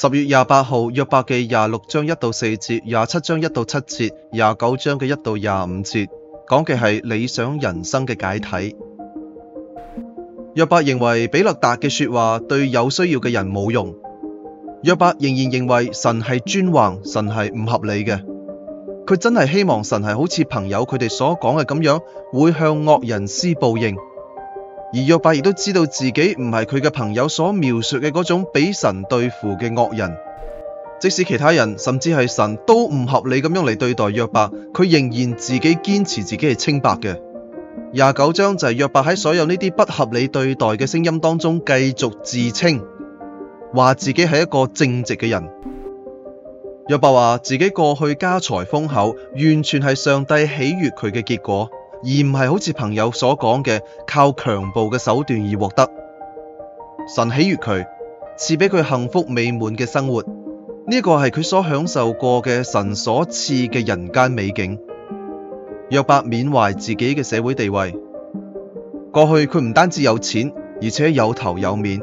十月廿八號，約伯記廿六章一到四節、廿七章一到七節、廿九章嘅一到廿五節，講嘅係理想人生嘅解體。約伯認為比勒達嘅說話對有需要嘅人冇用。約伯仍然認為神係專橫，神係唔合理嘅。佢真係希望神係好似朋友佢哋所講嘅咁樣，會向惡人施報應。而約伯亦都知道自己唔係佢嘅朋友所描述嘅嗰種俾神對付嘅惡人，即使其他人甚至係神都唔合理咁樣嚟對待約伯，佢仍然自己堅持自己係清白嘅。廿九章就係約伯喺所有呢啲不合理對待嘅聲音當中繼續自稱，話自己係一個正直嘅人。約伯話自己過去家財豐厚，完全係上帝喜悅佢嘅結果。而唔係好似朋友所講嘅靠強暴嘅手段而獲得。神喜悅佢，賜俾佢幸福美滿嘅生活。呢一個係佢所享受過嘅神所賜嘅人間美景。約伯緬懷自己嘅社會地位，過去佢唔單止有錢，而且有頭有面，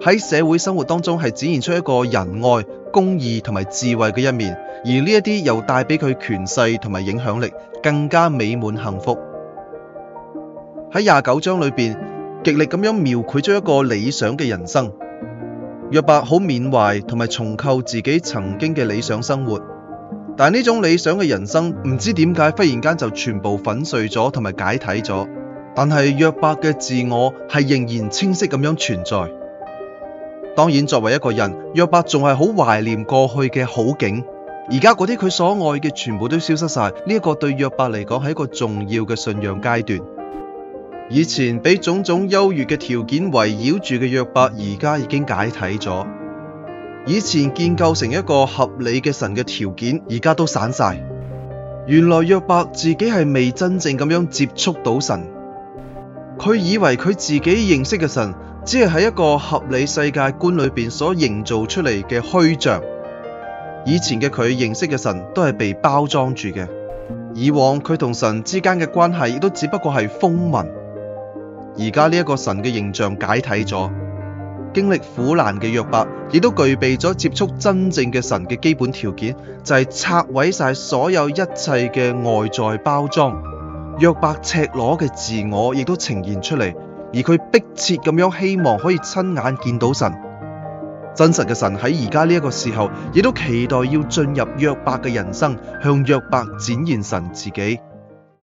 喺社會生活當中係展現出一個仁愛、公義同埋智慧嘅一面，而呢一啲又帶俾佢權勢同埋影響力，更加美滿幸福。喺廿九章裏面，極力咁樣描繪咗一個理想嘅人生。約伯好緬懷同埋重構自己曾經嘅理想生活，但係呢種理想嘅人生唔知點解忽然間就全部粉碎咗同埋解體咗。但係約伯嘅自我係仍然清晰咁樣存在。當然，作為一個人，約伯仲係好懷念過去嘅好景。而家嗰啲佢所愛嘅全部都消失晒，呢、這、一個對約伯嚟講係一個重要嘅信仰階段。以前被種種優越嘅條件圍繞住嘅約伯，而家已經解體咗。以前建構成一個合理嘅神嘅條件，而家都散曬。原來約伯自己係未真正咁樣接觸到神。佢以為佢自己認識嘅神，只係喺一個合理世界觀裏面所營造出嚟嘅虛像。以前嘅佢認識嘅神，都係被包裝住嘅。以往佢同神之間嘅關係，亦都只不過係風聞。而家呢一個神嘅形象解體咗，經歷苦難嘅約伯，亦都具備咗接觸真正嘅神嘅基本條件，就係拆毀晒所有一切嘅外在包裝。約伯赤裸嘅自我亦都呈現出嚟，而佢迫切咁樣希望可以親眼見到神。真實嘅神喺而家呢一個時候，亦都期待要進入約伯嘅人生，向約伯展現神自己。